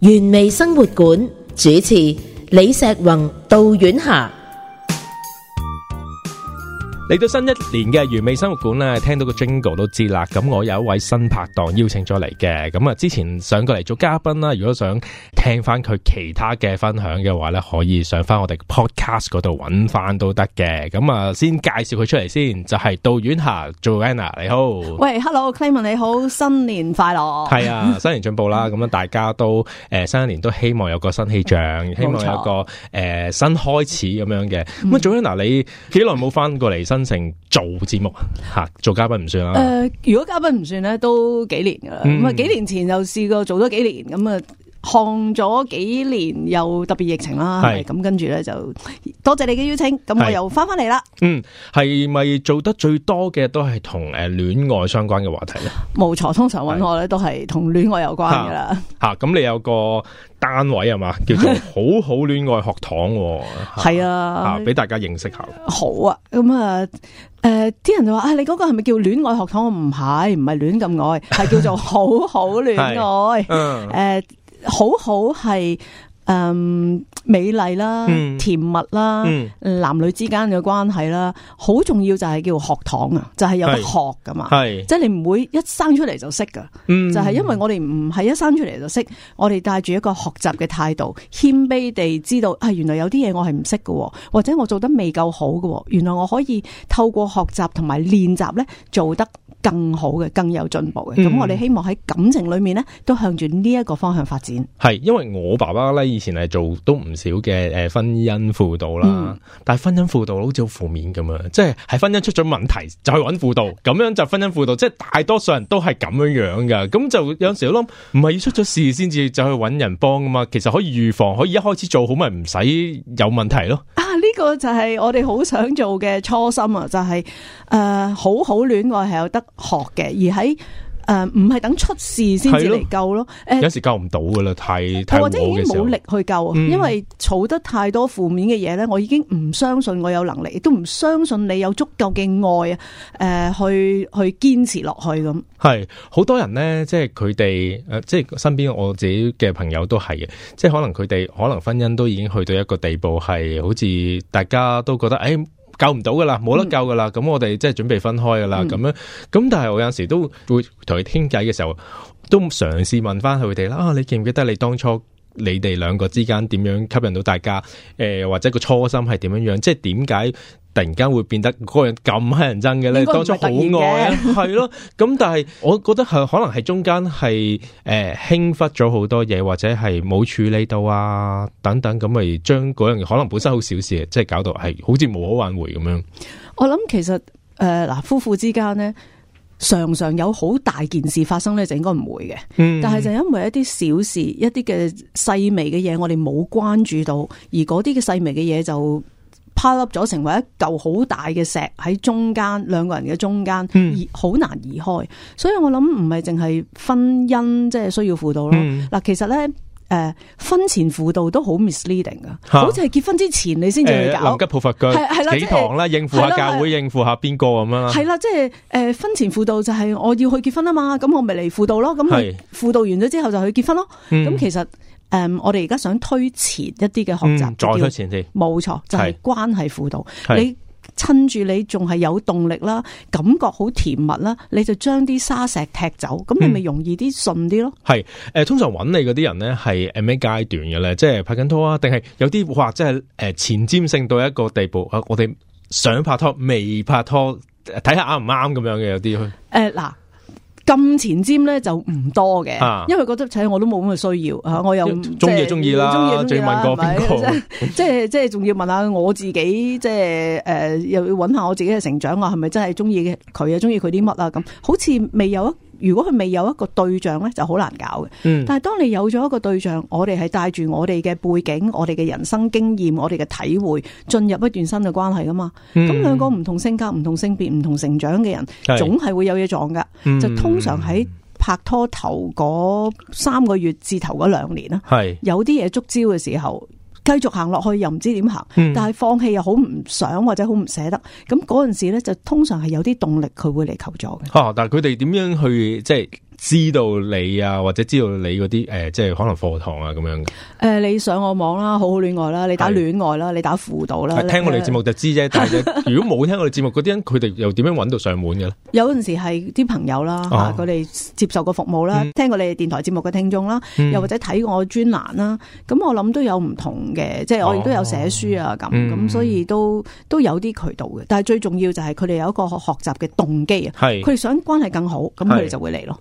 原味生活館主持李碩宏、杜婉霞。嚟到新一年嘅完美生活館咧，聽到個 jingle 都知啦。咁我有一位新拍檔邀請咗嚟嘅，咁啊之前上過嚟做嘉賓啦。如果想聽翻佢其他嘅分享嘅話咧，可以上翻我哋 podcast 度揾翻都得嘅。咁啊，先介紹佢出嚟先，就係杜婉霞 Joanna，你好。喂，Hello，Clement，你好，新年快樂。係啊，新年進步啦。咁樣 大家都誒、呃、新一年都希望有個新氣象，嗯、希望有個誒、呃、新開始咁樣嘅。咁啊、嗯、，Joanna，你幾耐冇翻過嚟新？成做節目吓、啊，做嘉賓唔算啦。誒、呃，如果嘉賓唔算咧，都幾年噶啦。咁啊、嗯，幾年前又試過做咗幾年，咁啊，放咗幾年又特別疫情啦。係咁跟住咧就多謝你嘅邀請，咁我又翻翻嚟啦。嗯，係咪做得最多嘅都係同誒戀愛相關嘅話題咧？冇錯、嗯，通常揾我咧是都係同戀愛有關噶啦。吓、啊，咁、啊、你有個。單位係嘛，叫做好好戀愛學堂，係 啊，俾、啊啊、大家認識下、啊。好啊，咁、嗯、啊，誒、呃，啲人就話啊，你嗰個係咪叫戀愛學堂？我唔係，唔係戀咁愛，係 叫做好好戀愛，誒、啊呃，好好係。誒，um, 美麗啦，甜蜜啦，嗯、男女之間嘅關係啦，好重要就係叫學堂啊，就係、是、有得學噶嘛，是即係你唔會一生出嚟就識噶，嗯、就係因為我哋唔係一生出嚟就識，我哋帶住一個學習嘅態度，謙卑地知道，係、哎、原來有啲嘢我係唔識噶，或者我做得未夠好噶、哦，原來我可以透過學習同埋練習咧做得，更好嘅，更有進步嘅。咁、嗯、我哋希望喺感情裏面咧，都向住呢一個方向發展。係，因為我爸爸咧以前係做都唔少嘅誒婚姻輔導啦。嗯、但係婚姻輔導好似好負面咁啊！即係喺婚姻出咗問題就去揾輔導，咁樣就婚姻輔導。即係大多數人都係咁樣樣㗎。咁就有陣時我諗，唔係要出咗事先至就去揾人幫啊嘛。其實可以預防，可以一開始做好咪唔使有問題咯。呢個就係我哋好想做嘅初心啊！就係、是、誒、呃，好好戀愛係有得學嘅，而喺。誒，唔係、呃、等出事先至嚟救咯，誒的，有時救唔到噶啦，太或者已經冇力去救，嗯、因為儲得太多負面嘅嘢咧，我已經唔相信我有能力，亦都唔相信你有足夠嘅愛誒、呃，去去堅持落去咁。係，好多人呢，即係佢哋誒，即係身邊我自己嘅朋友都係嘅，即係可能佢哋可能婚姻都已經去到一個地步，係好似大家都覺得，哎。救唔到噶啦，冇得救噶啦。咁、嗯、我哋即係準備分開噶啦，咁、嗯、樣。咁但係我有陣時都會同佢傾偈嘅時候，都嘗試問翻佢哋啦。啊，你記唔記得你當初你哋兩個之間點樣吸引到大家？誒、呃，或者個初心係點樣樣？即係點解？突然間會變得嗰人咁乞人憎嘅咧，當初好愛係咯。 咁但係，我覺得係可能係中間係誒輕忽咗好多嘢，或者係冇處理到啊等等，咁咪將嗰樣嘢，可能本身好小事嘅，即係搞到係好似無可挽回咁樣。我諗其實誒嗱、呃，夫婦之間咧，常常有好大件事發生咧，就應該唔會嘅。嗯、但係就因為一啲小事、一啲嘅細微嘅嘢，我哋冇關注到，而嗰啲嘅細微嘅嘢就。拋粒咗，成為一嚿好大嘅石喺中間，兩個人嘅中間，移好、嗯、難移開。所以我諗唔係淨係婚姻，即、就、係、是、需要輔導咯。嗱，嗯、其實咧，誒、呃，婚前輔導都 mis 哈好 misleading 噶，好似係結婚之前你先至去搞、欸、臨急抱佛腳，係係啦，啦即係是、欸、應付下教會，應付下邊個咁樣。係啦，即係誒、呃，婚前輔導就係我要去結婚啊嘛，咁我咪嚟輔導咯。咁輔導完咗之後就去結婚咯。咁、嗯、其實。誒，um, 我哋而家想推前一啲嘅學習、嗯，再推前啲，冇錯，就係、是、關係輔導。是你趁住你仲係有動力啦，感覺好甜蜜啦，你就將啲沙石踢走，咁你咪容易啲順啲咯。係誒、呃，通常揾你嗰啲人咧係誒咩階段嘅咧？即係拍緊拖啊，定係有啲哇，即係誒前瞻性到一個地步啊、呃！我哋想拍拖，未拍拖，睇下啱唔啱咁樣嘅有啲去。誒嗱、呃。咁前瞻呢就唔多嘅，啊、因為覺得請我都冇咁嘅需要吓、啊，我又中意中意啦，仲問過邊個、啊是， 即係即係仲要問下我自己，即係誒、呃、又要揾下我自己嘅成長是是啊，係咪真係中意嘅佢啊，中意佢啲乜啊咁，好似未有啊。如果佢未有一個對象呢，就好難搞嘅。嗯、但係當你有咗一個對象，我哋係帶住我哋嘅背景、我哋嘅人生經驗、我哋嘅體會進入一段新嘅關係噶嘛。咁、嗯、兩個唔同性格、唔同性別、唔同成長嘅人，是總係會有嘢撞嘅。嗯、就通常喺拍拖頭嗰三個月至頭嗰兩年啦，是有啲嘢觸礁嘅時候。繼續行落去又唔知點行，但係放棄又好唔想或者好唔捨得，咁嗰陣時咧就通常係有啲動力佢會嚟求助嘅。哦、啊，但係佢哋點樣去即係？知道你啊，或者知道你嗰啲誒，即係可能課堂啊咁樣嘅。誒，你上我網啦，好好戀愛啦，你打戀愛啦，你打輔導啦。聽我哋節目就知啫，但係如果冇聽我哋節目嗰啲人，佢哋又點樣搵到上門嘅咧？有陣時係啲朋友啦，佢哋接受過服務啦，聽過你哋電台節目嘅聽眾啦，又或者睇過我專欄啦。咁我諗都有唔同嘅，即係我亦都有寫書啊咁咁，所以都都有啲渠道嘅。但係最重要就係佢哋有一個學習嘅動機啊，係佢哋想關係更好，咁佢哋就會嚟咯。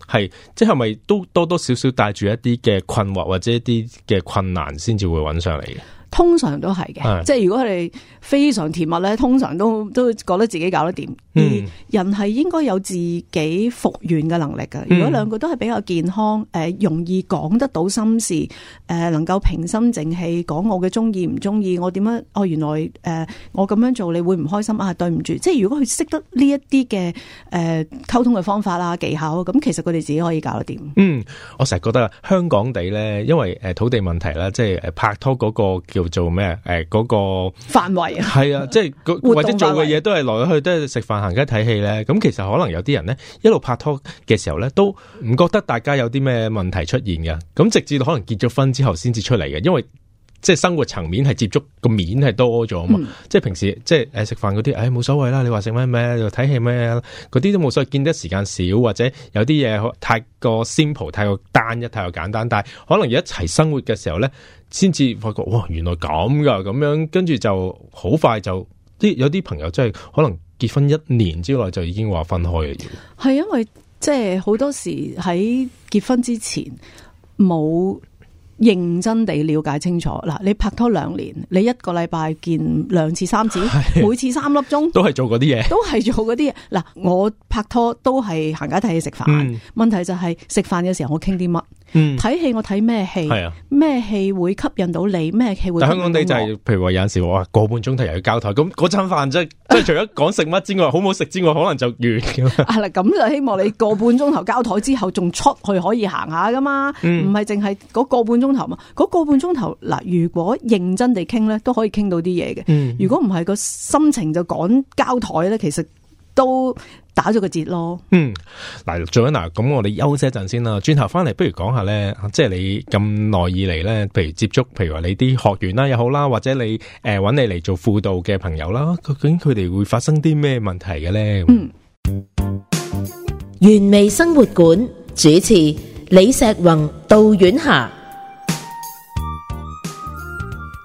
即係咪都多多少少帶住一啲嘅困惑或者一啲嘅困難先至會揾上嚟嘅？通常都係嘅，是即係如果佢哋非常甜蜜咧，通常都都覺得自己搞得掂。嗯、而人係應該有自己復原嘅能力㗎。如果兩個都係比較健康，誒、呃、容易講得到心事，誒、呃、能夠平心靜氣講我嘅中意唔中意，我點樣？我，哦、原來誒、呃、我咁樣做你會唔開心啊？對唔住，即係如果佢識得呢一啲嘅誒溝通嘅方法啊技巧，咁其實佢哋自己可以搞得掂。嗯，我成日覺得香港地咧，因為誒、呃、土地問題啦，即係誒拍拖嗰個叫做做咩？誒、欸，嗰、那個範圍係啊，即係、啊、或者做嘅嘢都係來來去去 都係食飯、行街、 睇戲咧。咁其實可能有啲人咧，一路拍拖嘅時候咧，都唔覺得大家有啲咩問題出現嘅。咁直至到可能結咗婚之後先至出嚟嘅，因為即係、就是、生活層面係接觸嘅面係多咗啊嘛。嗯、即係平時即係誒食飯嗰啲，誒、就、冇、是哎、所謂啦。你話食咩咩，又睇戲咩，嗰啲都冇所謂。見得時間少，或者有啲嘢太過 simple，太過單一，太過簡單。但係可能一齊生活嘅時候咧。先至發覺，哇！原來咁噶，咁樣跟住就好快就啲有啲朋友真係可能結婚一年之內就已經話分開嘅。係因為即係好多時喺結婚之前冇認真地了解清楚。嗱，你拍拖兩年，你一個禮拜見兩次三次，的每次三粒鐘，都係做嗰啲嘢，都係做嗰啲嘢。嗱， 我拍拖都係行街睇嘢食飯，嗯、問題就係食飯嘅時候我傾啲乜？嗯，睇戲我睇咩戲？係啊，咩戲會吸引到你？咩戲會吸引到？但香港地就係、是，譬如話有陣時，哇，個半鐘頭又要交台，咁嗰餐飯即係即係除咗講食乜之外，好唔好食之外，可能就完。係 啦、啊，咁就希望你個半鐘頭交台之後，仲出去可以行下噶嘛？唔係淨係嗰個半鐘頭嘛？嗰個半鐘頭嗱，如果認真地傾咧，都可以傾到啲嘢嘅。嗯、如果唔係個心情就趕交台咧，其實。都打咗個折咯。嗯，嗱，做緊嗱，咁我哋休息一陣先啦。轉頭翻嚟，不如講下咧，即係你咁耐以嚟咧，譬如接觸，譬如話你啲學員啦又好啦，或者你誒揾、呃、你嚟做輔導嘅朋友啦，究竟佢哋會發生啲咩問題嘅咧？嗯，原味生活館主持李碩宏、杜婉霞。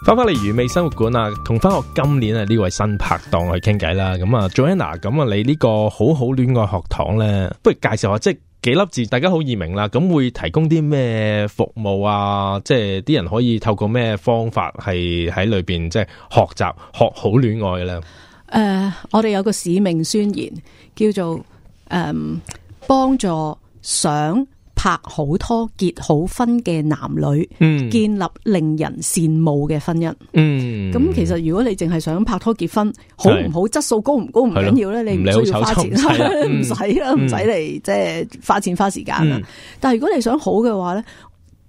翻翻嚟魚味生活館啊，同翻我今年啊呢位新拍檔去傾偈啦。咁啊 ，Joanna，咁啊你呢個好好戀愛學堂咧，不如介紹下即係幾粒字，大家好易明啦。咁會提供啲咩服務啊？即係啲人可以透過咩方法係喺裏邊即係學習學好戀愛嘅咧？誒、呃，我哋有個使命宣言，叫做誒幫、呃、助想。拍好拖、結好婚嘅男女，建立令人羨慕嘅婚姻。咁其實如果你淨係想拍拖結婚，好唔好、質素高唔高唔緊要咧，你唔需要花錢，唔使啦，唔使嚟即係花錢花時間啦。但係如果你想好嘅話咧，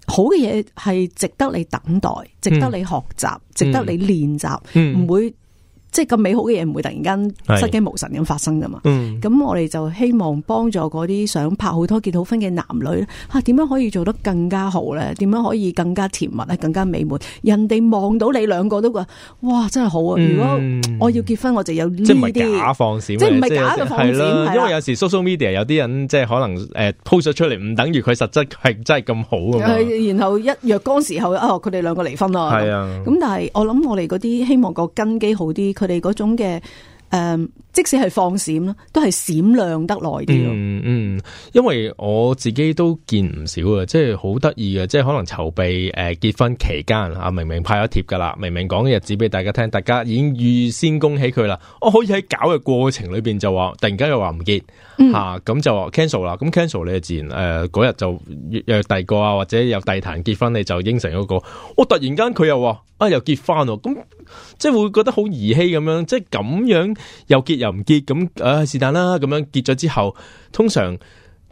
好嘅嘢係值得你等待，值得你學習，值得你練習，唔會。即係咁美好嘅嘢唔會突然間失驚無神咁發生噶嘛？咁我哋就希望幫助嗰啲想拍好拖結好婚嘅男女咧，嚇點樣可以做得更加好咧？點樣可以更加甜蜜咧？更加美滿？人哋望到你兩個都話：哇，真係好啊！如果我要結婚，我就有呢啲。即係唔係假放閃？即係唔係假嘅放閃？係咯，因為有時 social media 有啲人即係可能誒 po 咗出嚟，唔等於佢實質係真係咁好啊嘛。然後一若干時候啊，佢哋兩個離婚啦。係啊，咁但係我諗我哋嗰啲希望個根基好啲。佢哋嗰種嘅誒。Uh, 即使係放閃咯，都係閃亮得嚟啲，嗯嗯，因為我自己都見唔少啊，即係好得意嘅，即係可能籌備誒、呃、結婚期間啊，明明派咗貼噶啦，明明講嘅日子俾大家聽，大家已經預先恭喜佢啦。我、啊、可以喺搞嘅過程裏邊就話，突然間又話唔結吓，咁、啊、就 cancel 啦。咁 cancel 你就自然誒嗰日就約第二個啊，或者又第二壇結婚，你就應承嗰個。我、哦、突然間佢又話啊、哎，又結翻喎，咁、嗯、即係會覺得好兒戲咁樣，即係咁樣，樣又結又唔結咁，唉是但啦。咁、啊、樣結咗之後，通常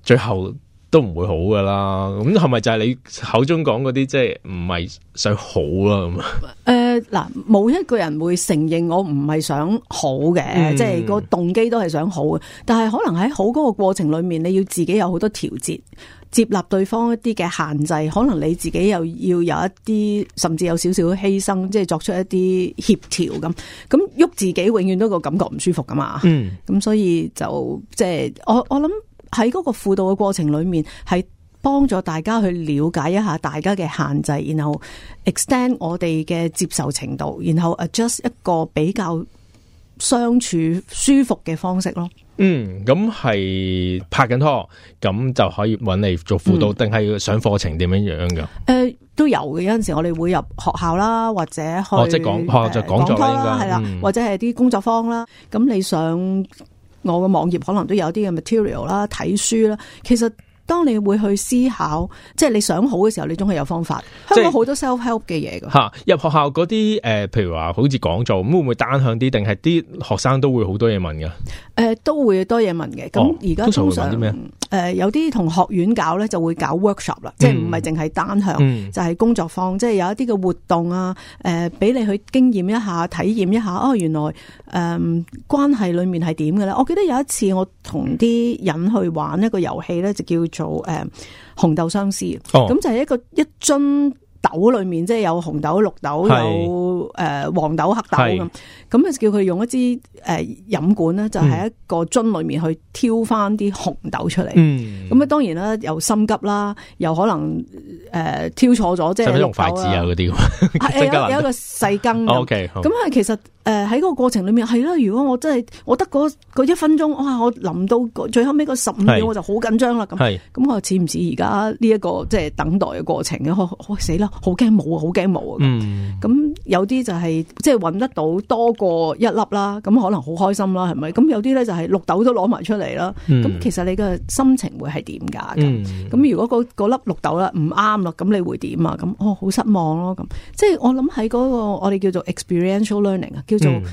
最後都唔會好噶啦。咁係咪就係你口中講嗰啲，即係唔係想好啊？咁 誒、呃，嗱，冇一個人會承認我唔係想好嘅，嗯、即係個動機都係想好。但係可能喺好嗰個過程裏面，你要自己有好多調節。接納對方一啲嘅限制，可能你自己又要有一啲，甚至有少少犧牲，即係作出一啲協調咁。咁喐自己永遠都個感覺唔舒服噶嘛。咁、嗯、所以就即係我我諗喺嗰個輔導嘅過程裏面，係幫助大家去了解一下大家嘅限制，然後 extend 我哋嘅接受程度，然後 adjust 一個比較。相處舒服嘅方式咯，嗯，咁係拍緊拖，咁就可以揾你做輔導，定係上課程點樣樣㗎？誒、呃，都有嘅，有陣時我哋會入學校啦，或者哦，即係講，哦就講座啦，係啦，啦或者係啲工作坊啦。咁、嗯、你上我嘅網頁，可能都有啲嘅 material 啦，睇書啦，其實。當你會去思考，即係你想好嘅時候，你總係有方法。香港好多 self help 嘅嘢噶。吓，入學校嗰啲誒，譬如話好似講座，會唔會單向啲？定係啲學生都會好多嘢問噶？誒、呃，都會多嘢問嘅。咁而家通常誒、呃，有啲同學院搞咧，就會搞 workshop 啦，即係唔係淨係單向，嗯、就係工作坊，即係有一啲嘅活動啊，誒、呃，俾你去經驗一下、體驗一下。哦，原來誒、呃、關係裏面係點嘅咧？我記得有一次我同啲人去玩一個遊戲咧，就叫。做誒、uh, 紅豆相思，咁就係一個一樽豆裏面，即係有紅豆、綠豆、是有誒、uh, 黃豆、黑豆咁。是咁就叫佢用一支誒、呃、飲管咧，就係、是、一個樽裏面去挑翻啲紅豆出嚟。咁咧、嗯、當然啦，又心急啦，又可能誒、呃、挑錯咗，即、就、係、是、用筷子啊嗰啲咁。有一個細羹。OK，咁啊其實誒喺、呃、個過程裏面係啦、啊，如果我真係我得嗰、那、一、個、分鐘，哇！我臨到最後尾嗰十五秒，我就好緊張啦咁。咁是我似唔似而家呢一個即係、就是、等待嘅過程咧、啊啊啊啊啊？死啦！好驚冇，好驚冇。咁有啲就係即係揾得到多。過一粒啦，咁可能好開心啦，係咪？咁有啲咧就係綠豆都攞埋出嚟啦，咁、嗯、其實你嘅心情會係點噶？咁、嗯、如果嗰粒綠豆啦唔啱咯，咁你會點啊？咁哦，好失望咯，咁即係我諗喺嗰個我哋叫做 experiential learning 啊，叫做、嗯。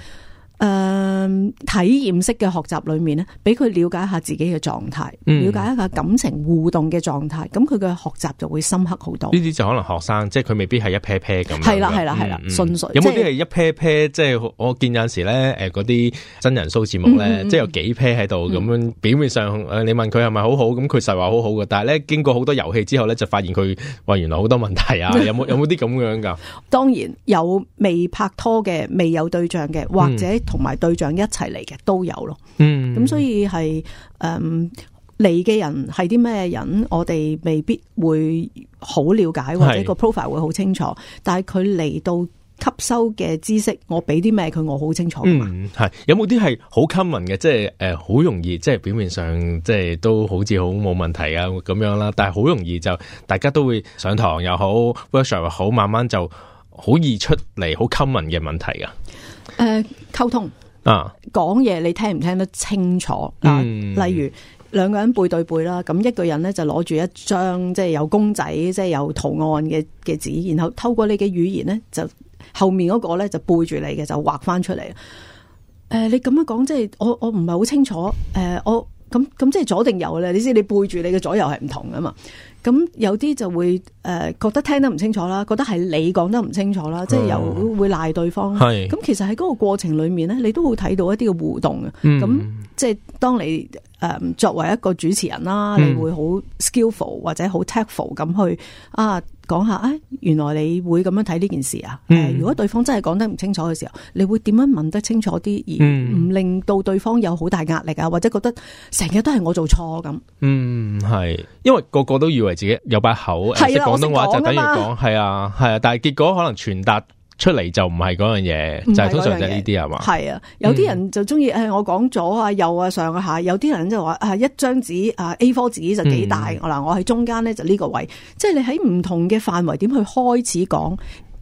誒、呃，體驗式嘅學習裏面咧，俾佢了解一下自己嘅狀態，嗯、了解一下感情互動嘅狀態，咁佢嘅學習就會深刻好多。呢啲就可能學生，即係佢未必係一 pair pair 咁。係啦，係啦，係啦，有冇啲係一 pair pair？即係我見有陣時咧，誒，嗰啲真人 show 節目咧，即、嗯、係有幾 pair 喺度咁樣，嗯、表面上誒，你問佢係咪好好，咁佢實話好好嘅，但係咧經過好多遊戲之後咧，就發現佢話原來好多問題啊！有冇有冇啲咁樣噶？當然有未拍拖嘅，未有對象嘅，或者、嗯。同埋對象一齊嚟嘅都有咯，嗯，咁所以係誒嚟嘅人係啲咩人，我哋未必會好了解或者個 profile 會好清楚，係，但係佢嚟到吸收嘅知識，我俾啲咩佢，我好清楚㗎嘛。嗯、有冇啲係好 common 嘅，即係誒好容易，即係表面上即係都好似好冇問題啊咁樣啦，但係好容易就大家都會上堂又好 workshop 又好，嗯、慢慢就好易出嚟好 common 嘅問題㗎。誒，呃、溝通啊，講嘢你聽唔聽得清楚啊？呃嗯、例如兩個人背對背啦，咁一個人咧，就攞住一張即係有公仔、即係有圖案嘅嘅紙，然後透過你嘅語言咧，就後面嗰個咧就背住你嘅就畫翻出嚟。誒、呃，你咁樣講即係我我唔係好清楚。誒、呃，我。咁咁即係左定右咧？你知你背住你嘅左右係唔同噶嘛？咁有啲就會誒、呃、覺得聽得唔清楚啦，覺得係你講得唔清楚啦，哦、即係又會賴對方。係咁，其實喺嗰個過程裏面咧，你都會睇到一啲嘅互動嘅。咁、嗯、即係當你。誒，作為一個主持人啦，嗯、你會好 skillful 或者好 tactful 咁去啊講下，誒、啊，原來你會咁樣睇呢件事啊？嗯、如果對方真係講得唔清楚嘅時候，你會點樣問得清楚啲，而唔令到對方有好大壓力啊？或者覺得成日都係我做錯咁？嗯，係，因為個個都以為自己有把口，識廣的、啊、東話就等於講，係啊，係啊，但係結果可能傳達。出嚟就唔係嗰樣嘢，樣就通常就呢啲係嘛，係啊，嗯、有啲人就中意，誒，我講左啊，右啊，上下，有啲人就話誒，一張紙啊，A4 紙就幾大，嗱、嗯，我喺中間咧就呢個位，即係你喺唔同嘅範圍點去開始講，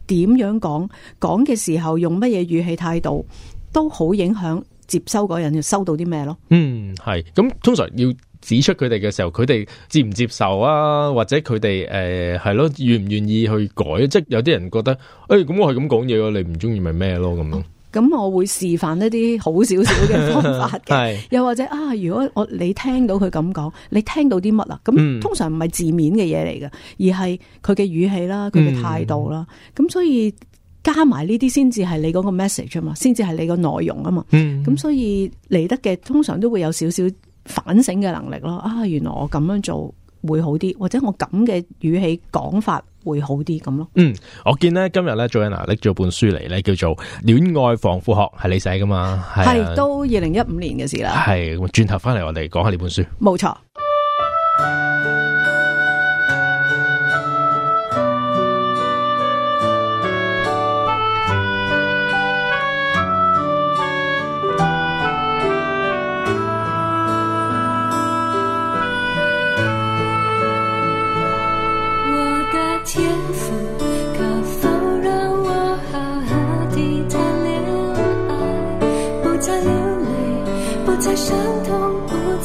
點樣講，講嘅時候用乜嘢語氣態度，都好影響接收嗰人要收到啲咩咯。嗯，係，咁通常要。指出佢哋嘅時候，佢哋接唔接受啊？或者佢哋誒係咯，願唔願意去改？即係有啲人覺得，誒、哎、咁我係咁講嘢，你唔中意咪咩咯？咁咯。咁、哦、我會示範一啲好少少嘅方法嘅， 是又或者啊，如果我你聽到佢咁講，你聽到啲乜啊？咁通常唔係字面嘅嘢嚟嘅。嗯、而係佢嘅語氣啦，佢嘅態度啦。咁、嗯、所以加埋呢啲先至係你嗰個 message 啊嘛，先至係你個內容啊嘛。咁、嗯、所以嚟得嘅通常都會有少少，少。反省嘅能力咯，啊，原來我咁樣做會好啲，或者我咁嘅語氣講法會好啲咁咯。嗯，我見咧今日咧 Joanna 拎咗本書嚟咧，叫做《戀愛防腐學》，係你寫噶嘛？係、啊，都二零一五年嘅事啦。係，轉頭翻嚟我哋講下呢本書。冇錯。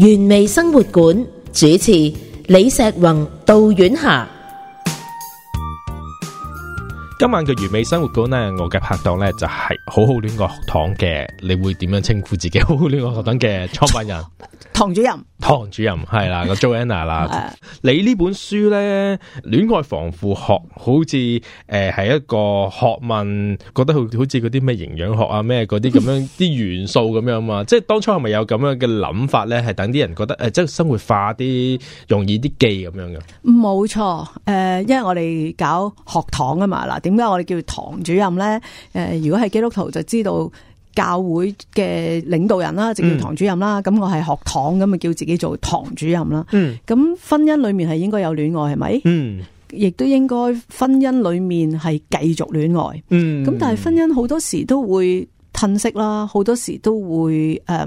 完美生活館主持李碩宏、杜婉霞。今晚嘅完美生活館呢，我嘅拍檔呢就係、是、好好戀愛學堂嘅，你會點樣稱呼自己好好戀愛學堂嘅創辦人唐，唐主任？唐主任係啦，個 Joanna 啦，jo anna, 你呢本書咧，戀愛防腐學好似誒，係一個學問，覺得好好似嗰啲咩營養學啊咩嗰啲咁樣啲元素咁樣嘛，即係當初係咪有咁樣嘅諗法咧？係等啲人覺得誒，即係生活化啲，容易啲記咁樣嘅。冇錯，誒、呃，因為我哋搞學堂啊嘛，嗱，點解我哋叫唐主任咧？誒、呃，如果係基督徒就知道。教會嘅領導人啦，直叫堂主任啦，咁、嗯、我係學堂咁啊，叫自己做堂主任啦。嗯，咁婚姻裏面係應該有戀愛係咪？嗯，亦都應該婚姻裏面係繼續戀愛。嗯，咁但係婚姻好多時都會褪色啦，好多時都會誒、呃，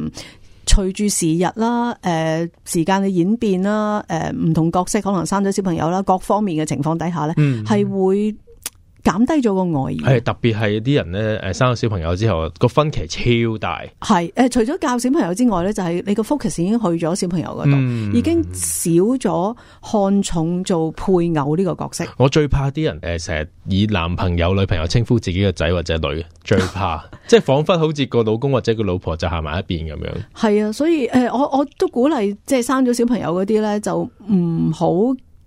隨住時日啦，誒、呃，時間嘅演變啦，誒、呃，唔同角色可能生咗小朋友啦，各方面嘅情況底下咧，嗯，係會、嗯。減低咗個外遇，係特別係啲人咧，誒，生咗小朋友之後，個分歧超大。係誒、呃，除咗教小朋友之外咧，就係、是、你個 focus 已經去咗小朋友嗰度，嗯、已經少咗看重做配偶呢個角色。我最怕啲人誒，成、呃、日以男朋友、女朋友稱呼自己嘅仔或者女，最怕 即係仿佛好似個老公或者個老婆就行埋一邊咁樣。係啊，所以誒、呃，我我都鼓勵，即係生咗小朋友嗰啲咧，就唔好。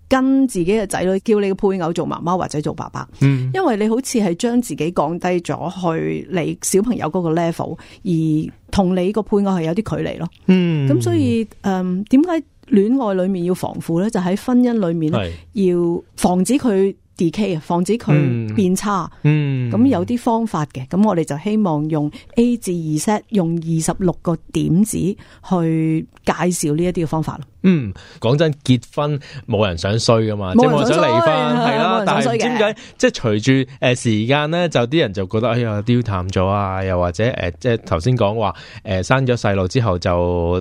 跟自己嘅仔女叫你嘅配偶做媽媽或者做爸爸，嗯，因為你好似係將自己降低咗去你小朋友嗰個 level，而同你個配偶係有啲距離咯。嗯，咁所以，誒點解戀愛裏面要防腐咧？就喺、是、婚姻裏面咧，是要防止佢 decay 啊，防止佢變差。嗯，咁有啲方法嘅，咁、嗯、我哋就希望用 A 至 Z set，用二十六個點子去介紹呢一啲嘅方法咯。嗯，講真，結婚冇人想衰噶嘛，即係冇人想離婚係啦。但係唔知點解，即係隨住誒，時間咧，就啲人就覺得哎呀，丟淡咗啊，又或者誒、呃，即係頭先講話誒，生咗細路之後就，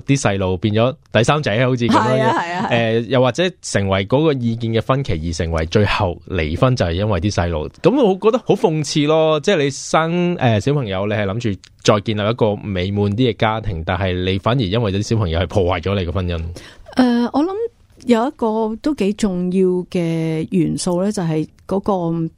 就啲細路變咗第三仔好似咁樣、樣。誒、啊啊啊呃，又或者成為嗰個意見嘅分歧，而成為最後離婚就係因為啲細路。咁、嗯、我覺得好諷刺咯，即係你生誒小朋友，你係諗住再建立一個美滿啲嘅家庭，但係你反而因為啲小朋友係破壞咗你嘅婚姻。誒、呃，我諗有一個都幾重要嘅元素咧，就係、是、嗰個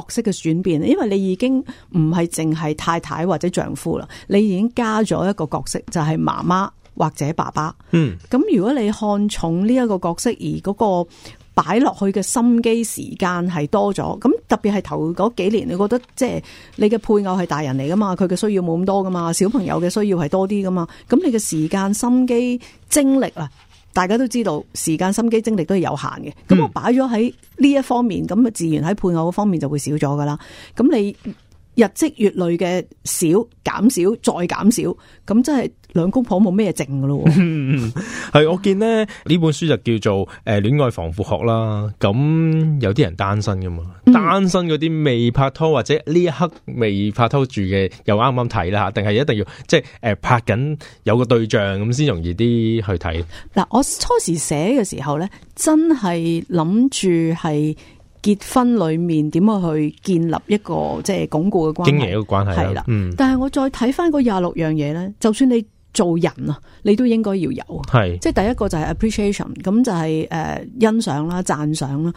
角色嘅轉變。因為你已經唔係淨係太太或者丈夫啦，你已經加咗一個角色，就係媽媽或者爸爸。嗯，咁如果你看重呢一個角色，而嗰個擺落去嘅心機時間係多咗，咁特別係頭嗰幾年，你覺得即係你嘅配偶係大人嚟噶嘛？佢嘅需要冇咁多噶嘛？小朋友嘅需要係多啲噶嘛？咁你嘅時間、心機、精力啊？大家都知道，時間心機精力都係有限嘅，咁、嗯、我擺咗喺呢一方面，咁自然喺配偶方面就會少咗噶啦。咁你日積月累嘅少減少再減少，咁真係。兩公婆冇咩剩噶咯，係、 嗯、我見咧呢本書就叫做誒戀愛防腐學啦。咁有啲人單身噶嘛，嗯、單身嗰啲未拍拖或者呢一刻未拍拖住嘅，又啱唔啱睇啦吓？定係一定要即係誒、呃、拍緊有個對象咁先容易啲去睇？嗱、嗯，我初時寫嘅時候咧，真係諗住係結婚裏面點去建立一個即係鞏固嘅關係、經營一個關係係啦。了嗯，但係我再睇翻嗰廿六樣嘢咧，就算你。做人啊，你都應該要有，啊是。即係第一個就係 appreciation，咁就係、是、誒、呃、欣賞啦、讚賞啦，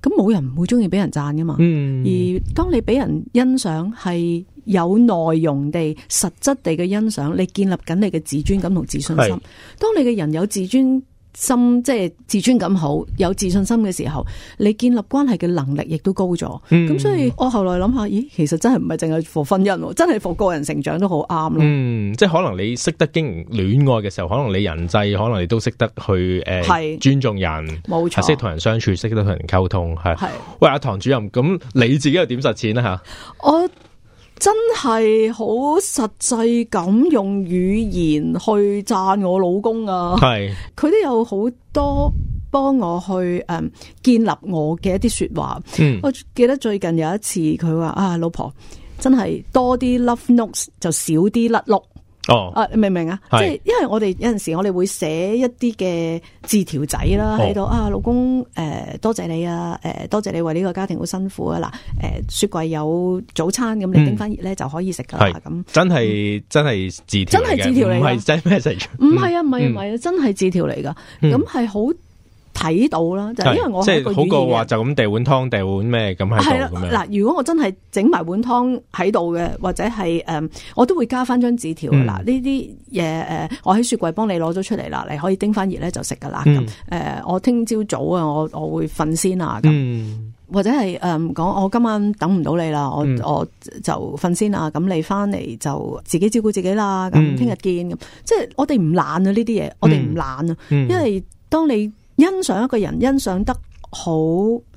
咁冇人唔會中意俾人讚㗎嘛。嗯、而當你俾人欣賞係有內容地、實質地嘅欣賞，你建立緊你嘅自尊感同自信心。是當你嘅人有自尊。心即係自尊感好，有自信心嘅時候，你建立關係嘅能力亦都高咗。咁、嗯、所以，我後來諗下，咦，其實真係唔係淨係服婚姻，真係服個人成長都好啱咯。嗯，即係可能你識得經營戀愛嘅時候，可能你人際，可能你都識得去誒，呃、是尊重人，冇錯錯，識同、啊、人相處，識得同人溝通，係是喂，阿唐主任，咁你自己又點實踐咧吓？我。真係好實際咁用語言去讚我老公啊！係佢是都有好多幫我去誒、嗯、建立我嘅一啲說話。嗯，我記得最近有一次佢話啊，老婆真係多啲 love notes 就少啲甩碌。哦，誒，明唔明啊？即係因為我哋有陣時，我哋會寫一啲嘅字條仔啦，喺度啊，老公，誒，多謝你啊，誒，多謝你為呢個家庭好辛苦啊，嗱，誒，雪櫃有早餐，咁你拎翻熱咧就可以食噶啦，咁真係真係字條，真係字條嚟，唔係咩材料，唔係啊，唔係啊，唔係啊，真係字條嚟噶，咁係好。睇到啦，就係、因為我即係是好過話就咁遞碗湯，遞碗咩咁係度。嗱，如果我真係整埋碗湯喺度嘅，或者係誒、呃，我都會加翻張紙條。嗱、嗯，呢啲嘢誒，我喺雪櫃幫你攞咗出嚟啦,你可以叮翻熱咧就食㗎啦。咁誒、嗯呃，我聽朝早啊，我我會瞓先啊。咁、嗯、或者係誒，講、呃、我今晚等唔到你啦，我、嗯、我就瞓先啊。咁你翻嚟就自己照顧自己啦。咁聽日見咁，即係我哋唔懶啊呢啲嘢，我哋唔懶啊。因為當你欣賞一個人欣賞得好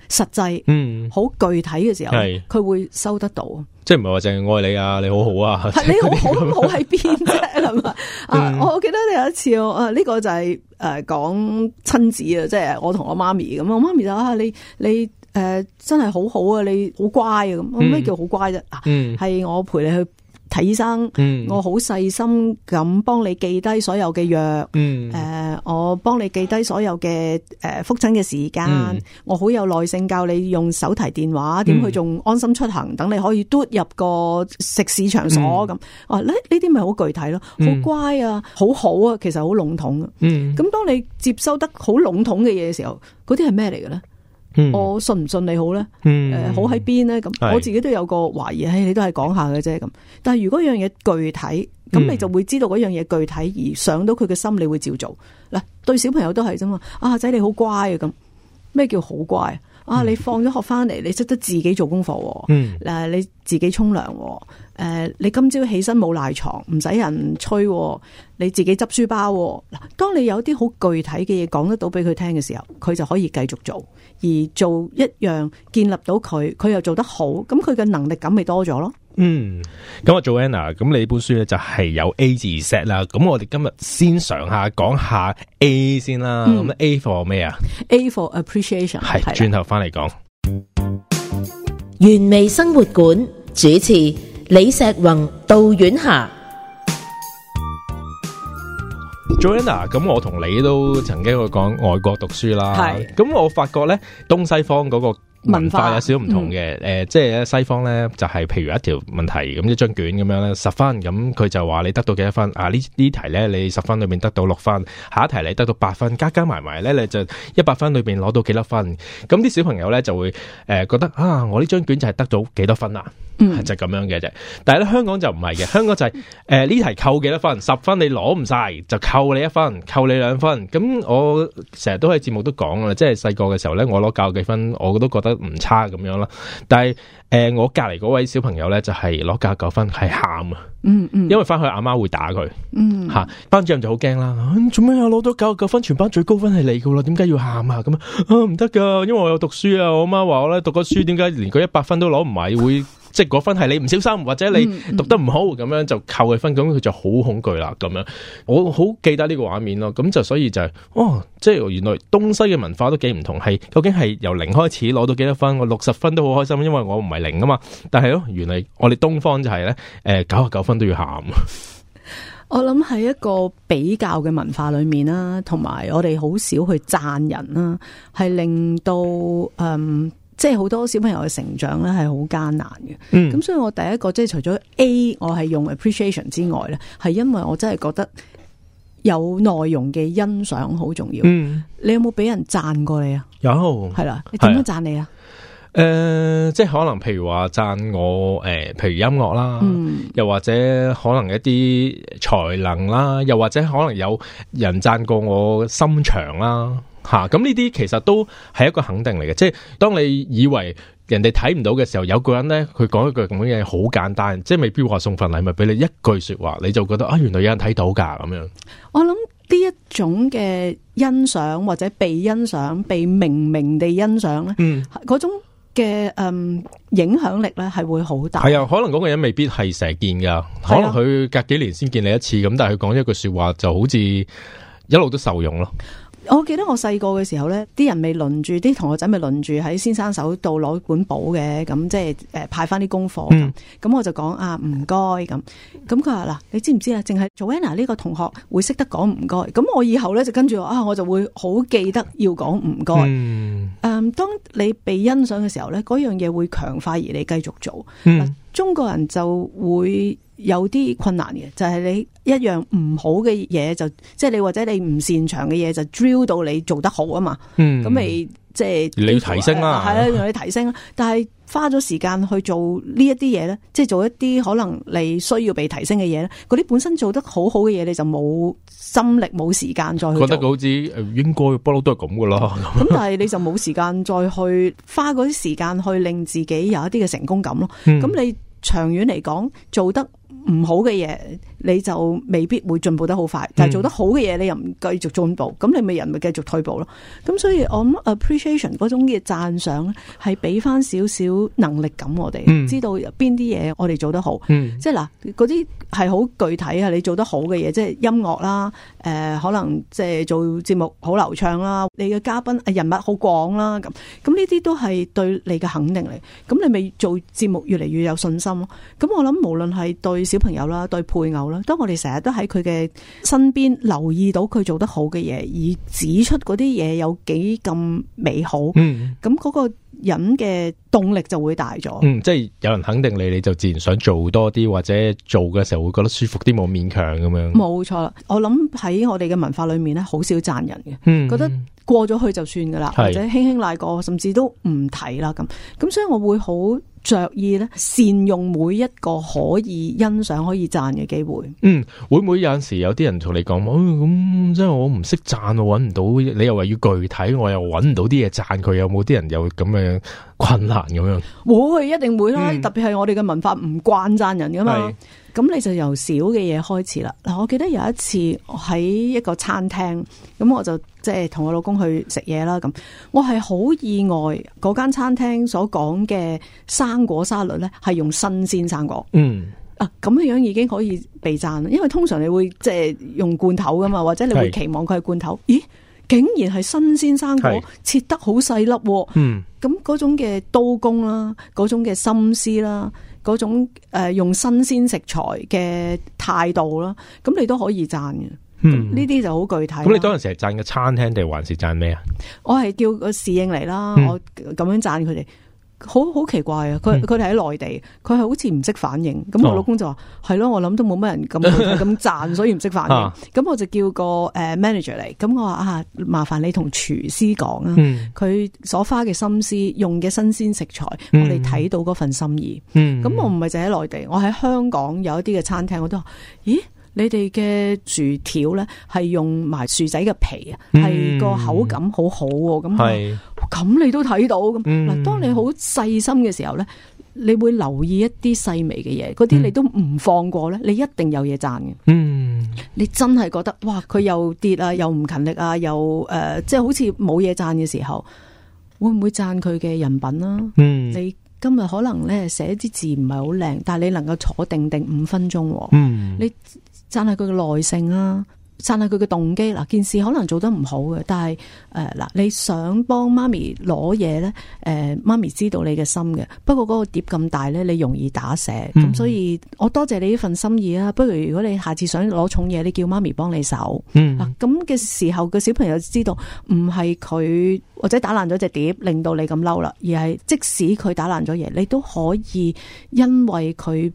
實際，嗯，好具體嘅時候，係佢是會收得到，即係唔係話淨係愛你啊，你好好啊，係你好好好喺邊啫，係嘛、 嗯、 啊！我記得你有一次，啊呢、這個就係誒講親子我我媽媽媽媽啊，即係我同我媽咪咁，我媽咪就啊你你誒、呃、真係好好啊，你好乖啊咁，咩叫好乖啫啊？係、啊、我陪你去。睇醫生，嗯、我好細心咁幫你記低所有嘅藥，誒、嗯、呃，我幫你記低所有嘅誒複診嘅時間，嗯、我好有耐性教你用手提電話，點佢仲安心出行，等你可以嘟入個食肆場所咁。哦、嗯，呢呢啲咪好具體咯，好乖啊，好好啊，其實好籠統。嗯、咁、嗯、當你接收得好籠統嘅嘢嘅時候，嗰啲係咩嚟嘅咧？我信唔信你好咧？誒、呃，好喺邊咧？咁我自己都有個懷疑，誒、欸，你都係講下嘅啫咁。但係如果一樣嘢具體，咁你就會知道嗰樣嘢具體，而上到佢嘅心，你會照做。嗱、嗯，對小朋友都係啫嘛。阿仔，你好乖啊咁。咩叫好乖？啊！你放咗學翻嚟，你識得自己做功課、啊，嗱、嗯啊，你自己沖涼、啊，誒、啊，你今朝起身冇賴床，唔使人催、啊，你自己執書包、啊。嗱，當你有啲好具體嘅嘢講得到俾佢聽嘅時候，佢就可以繼續做，而做一樣建立到佢，佢又做得好，咁佢嘅能力感咪多咗咯。嗯，咁 Joanna，咁你本書咧就係、是、有 A 字 set 啦，咁我哋今日先嘗下，講下 A 先啦，咁、嗯、A for 咩啊？A for appreciation，係轉頭翻嚟講。的講原味生活館主持李碩宏、杜婉霞，Joanna，咁我同你都曾經去講外國讀書啦，係的，咁我發覺咧東西方嗰、那個。文化有少唔同嘅，誒、嗯呃，即係西方咧，就係、是、譬如一條問題咁一張卷咁樣咧，十分咁佢就話你得到幾多分啊？題呢呢題咧你十分裏面得到六分，下一題你得到八分，加加埋埋咧你就一百分裏邊攞到幾多分？咁啲小朋友咧就會誒、呃、覺得啊，我呢張卷就係得到幾多分啊？係、嗯、就咁樣嘅啫。但係咧香港就唔係嘅，香港就係誒呢題扣幾多分？十分你攞唔晒，就扣你一分，扣你兩分。咁我成日都喺節目都講啦，即係細個嘅時候咧，我攞教育幾分，我都覺得。唔差咁樣啦，但係誒、呃，我隔籬嗰位小朋友咧就係攞九十九分，係喊啊，嗯嗯，因為翻去阿媽會打佢，嗯吓，班主任就好驚啦，做咩啊？攞到九十九分，全班最高分係你噶啦，點解要喊啊？咁啊唔得噶，因為我有讀書啊，我媽話我咧讀個書，點解連佢一百分都攞唔埋會？ 即係嗰分係你唔小心或者你讀得唔好咁、嗯嗯、樣就扣嘅分，咁佢就好恐懼啦。咁樣我好記得呢個畫面咯，咁就所以就是、哦，即係原來東西嘅文化都幾唔同，係究竟係由零開始攞到幾多分？我六十分都好開心，因為我唔係零噶嘛。但係咯，原來我哋東方就係、是、咧，誒九十九分都要喊。我諗喺一個比較嘅文化裏面啦，同埋我哋好少去讚人啦，係令到嗯。即係好多小朋友嘅成長咧，係好艱難嘅。咁、嗯、所以我第一個即係除咗 A，我係用 appreciation 之外咧，係因為我真係覺得有內容嘅欣賞好重要。嗯、你有冇俾人讚過你啊？有，係啦。你點樣讚你啊？誒、呃，即係可能譬如話讚我誒、呃，譬如音樂啦，嗯、又或者可能一啲才能啦，又或者可能有人讚過我心腸啦。吓，咁呢啲其實都係一個肯定嚟嘅，即係當你以為人哋睇唔到嘅時候，有個人咧佢講一句咁嘅嘢，好簡單，即係未必話送份禮物俾你一句說話，你就覺得啊，原來有人睇到噶咁樣。我諗呢一種嘅欣賞或者被欣賞、被明明地欣賞咧，嗯，嗯，嗰種嘅嗯影響力咧係會好大。係啊，可能嗰個人未必係成日見噶，可能佢隔幾年先見你一次咁，但係佢講一句說話就好似一路都受用咯。我記得我細個嘅時候咧，啲人未輪住，啲同學仔未輪住喺先生手度攞本簿嘅，咁即係誒、呃、派翻啲功課。咁我就講啊，唔該咁，咁佢話嗱，你知唔知啊？淨係 Joanna 呢個同學會識得講唔該，咁我以後咧就跟住啊，我就會好記得要講唔該。誒、嗯啊，當你被欣賞嘅時候咧，嗰樣嘢會強化而你繼續做。啊、中國人就會。有啲困難嘅，就係、是、你一樣唔好嘅嘢就，即係你或者你唔擅長嘅嘢就 drill 到你做得好啊嘛。嗯，咁咪即係你要提升啦，係啦，讓你提升。但係花咗時間去做呢一啲嘢咧，即係做一啲可能你需要被提升嘅嘢咧，嗰啲本身做得好好嘅嘢，你就冇心力冇時間再去。覺得好似應該不嬲都係咁噶啦。咁但係你就冇時間再去花嗰啲時間去令自己有一啲嘅成功感咯。咁、嗯、你長遠嚟講做得。唔好嘅嘢，你就未必會進步得好快。但係做得好嘅嘢，你又唔繼續進步，咁你咪人咪繼續退步咯。咁所以我諗 appreciation 嗰種嘅讚賞係俾翻少少能力感我哋，知道邊啲嘢我哋做得好。嗯、即係嗱，嗰啲係好具體啊！你做得好嘅嘢，即係音樂啦，誒、呃，可能即係做節目好流暢啦，你嘅嘉賓人物好廣啦，咁咁呢啲都係對你嘅肯定嚟。咁你咪做節目越嚟越有信心咯。咁我諗無論係對對小朋友啦，對配偶啦，當我哋成日都喺佢嘅身邊留意到佢做得好嘅嘢，而指出嗰啲嘢有幾咁美好，嗯，咁嗰個人嘅動力就會大咗。嗯，即係有人肯定你，你就自然想做多啲，或者做嘅時候會覺得舒服啲，冇勉強咁樣。冇錯啦，我諗喺我哋嘅文化裏面咧，好少讚人嘅，嗯，覺得過咗去就算噶啦，是或者輕輕賴過，甚至都唔睇啦咁。咁所以我會好著意咧，善用每一個可以欣賞、可以讚嘅機會。嗯，會唔會有陣時有啲人同你講，哦、哎、咁、嗯，即係我唔識讚，我揾唔到。你又話要具體，我又揾唔到啲嘢讚佢。有冇啲人有咁嘅困難咁樣？會，一定會啦，嗯、特別係我哋嘅文化唔慣讚人噶嘛。咁你就由少嘅嘢開始啦。嗱，我記得有一次喺一個餐廳，咁我就即係同我老公去食嘢啦。咁我係好意外，嗰間餐廳所講嘅生果沙律呢，係用新鮮生果。嗯啊，咁樣已經可以被讚啦，因為通常你會即係、就是、用罐頭噶嘛，或者你會期望佢係罐頭。是咦，竟然係新鮮生果，是切得好細粒，哦。嗯，咁嗰種嘅刀工啦、啊，嗰種嘅心思啦、啊。種誒、呃、用新鮮食材嘅態度啦，咁你都可以讚嘅。嗯，呢啲就好具體。咁、嗯、你當時係讚嘅餐廳定還是讚咩啊？我係叫個侍應嚟啦，嗯、我咁樣讚佢哋。好好奇怪啊！佢佢哋喺內地，佢係好似唔識反應。咁我老公就話：係咯、哦，我諗都冇乜人咁咁 讚，所以唔識反應。咁、啊、我就叫個誒 manager 嚟。咁、呃、我話啊，麻煩你同廚師講啊，佢、嗯、所花嘅心思、用嘅新鮮食材，嗯、我哋睇到嗰份心意。咁、嗯、我唔係就喺內地，我喺香港有一啲嘅餐廳，我都話咦，你哋嘅薯條咧係用埋薯仔嘅皮啊，係個口感好好喎。咁係。咁你都睇到咁嗱，嗯、當你好細心嘅時候咧，你會留意一啲細微嘅嘢，嗰啲你都唔放過咧，嗯、你一定有嘢贊嘅。嗯，你真係覺得哇，佢又跌啊，又唔勤力啊，又誒，即、呃、係、就是、好似冇嘢贊嘅時候，會唔會贊佢嘅人品啦、啊？嗯，你今日可能咧寫啲字唔係好靚，但係你能夠坐定定五分鐘、啊，嗯，你贊下佢嘅耐性啊。讚下佢嘅動機嗱，件事可能做得唔好嘅，但係誒嗱，你想幫媽咪攞嘢咧？誒、呃，媽咪知道你嘅心嘅。不過嗰個碟咁大咧，你容易打瀉。咁、嗯、所以，我多謝你呢份心意啊！不如如果你下次想攞重嘢，你叫媽咪幫你手。嗯。嗱，咁嘅時候，個小朋友知道唔係佢或者打爛咗隻碟，令到你咁嬲啦，而係即使佢打爛咗嘢，你都可以因為佢。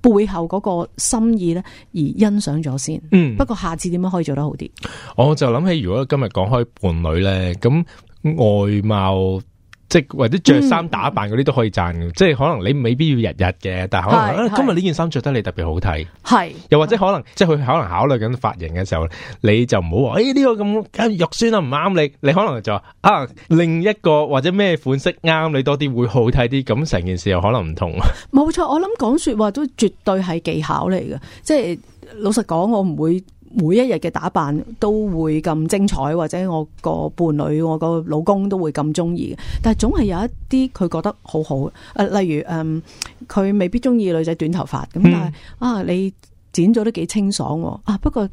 背後嗰個心意咧，而欣賞咗先。嗯，不過下次點樣可以做得好啲？我就諗起，如果今日講開伴侶咧，咁外貌。即係或者着衫打扮嗰啲都可以賺嘅，嗯、即係可能你未必要日日嘅，但係可能是、啊、今日呢件衫着得你特別好睇，是又或者可能是即係佢可能考慮緊髮型嘅時候，你就唔好話誒，呢個咁肉酸啊，唔啱你，你可能就話啊，另一個或者咩款式啱你多啲會好睇啲，咁成件事又可能唔同。冇錯，我諗講說話都絕對係技巧嚟嘅，即係老實講，我唔會。每一日嘅打扮都會咁精彩，或者我個伴侶、我個老公都會咁中意。但係總係有一啲佢覺得好好，誒、啊，例如誒，佢、嗯、未必中意女仔短頭髮，咁但係啊，你剪咗都幾清爽，啊，不過。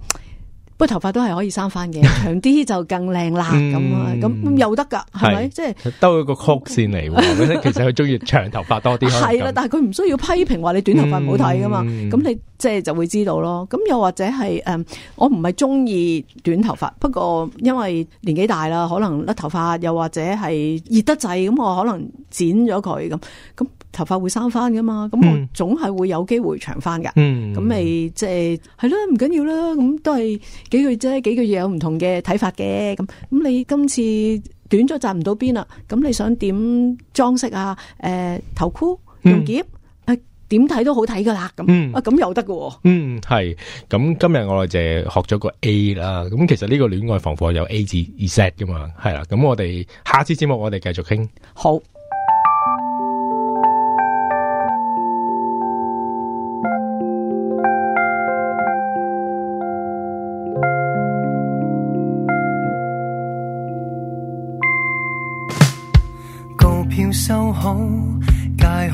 不過頭髮都係可以生翻嘅，長啲就更靚啦咁啊，咁、 嗯、又得噶，係咪？是即係兜咗個曲線嚟， 其實佢中意長頭髮多啲。係啦，但係佢唔需要批評話你短頭髮唔好睇噶嘛，咁、嗯、你即係就會知道咯。咁又或者係誒、嗯，我唔係中意短頭髮，不過因為年紀大啦，可能甩頭髮，又或者係熱得滯，咁我可能剪咗佢咁咁。頭髮會生翻噶嘛？咁我總係會有機會長翻嘅。咁咪即係係咯，唔緊要啦。咁都係幾句啫，幾句嘢有唔同嘅睇法嘅。咁，咁你今次短咗紮唔到邊啦？咁你想點裝飾啊？誒、呃，頭箍用夾誒，點睇、嗯啊、都好睇噶啦。咁、嗯、啊，咁又得嘅、啊。嗯，係。咁今日我哋就學咗個 A 啦。咁其實呢個戀愛防腐有 A 字 Z 噶嘛？係啦。咁我哋下次節目我哋繼續傾。好。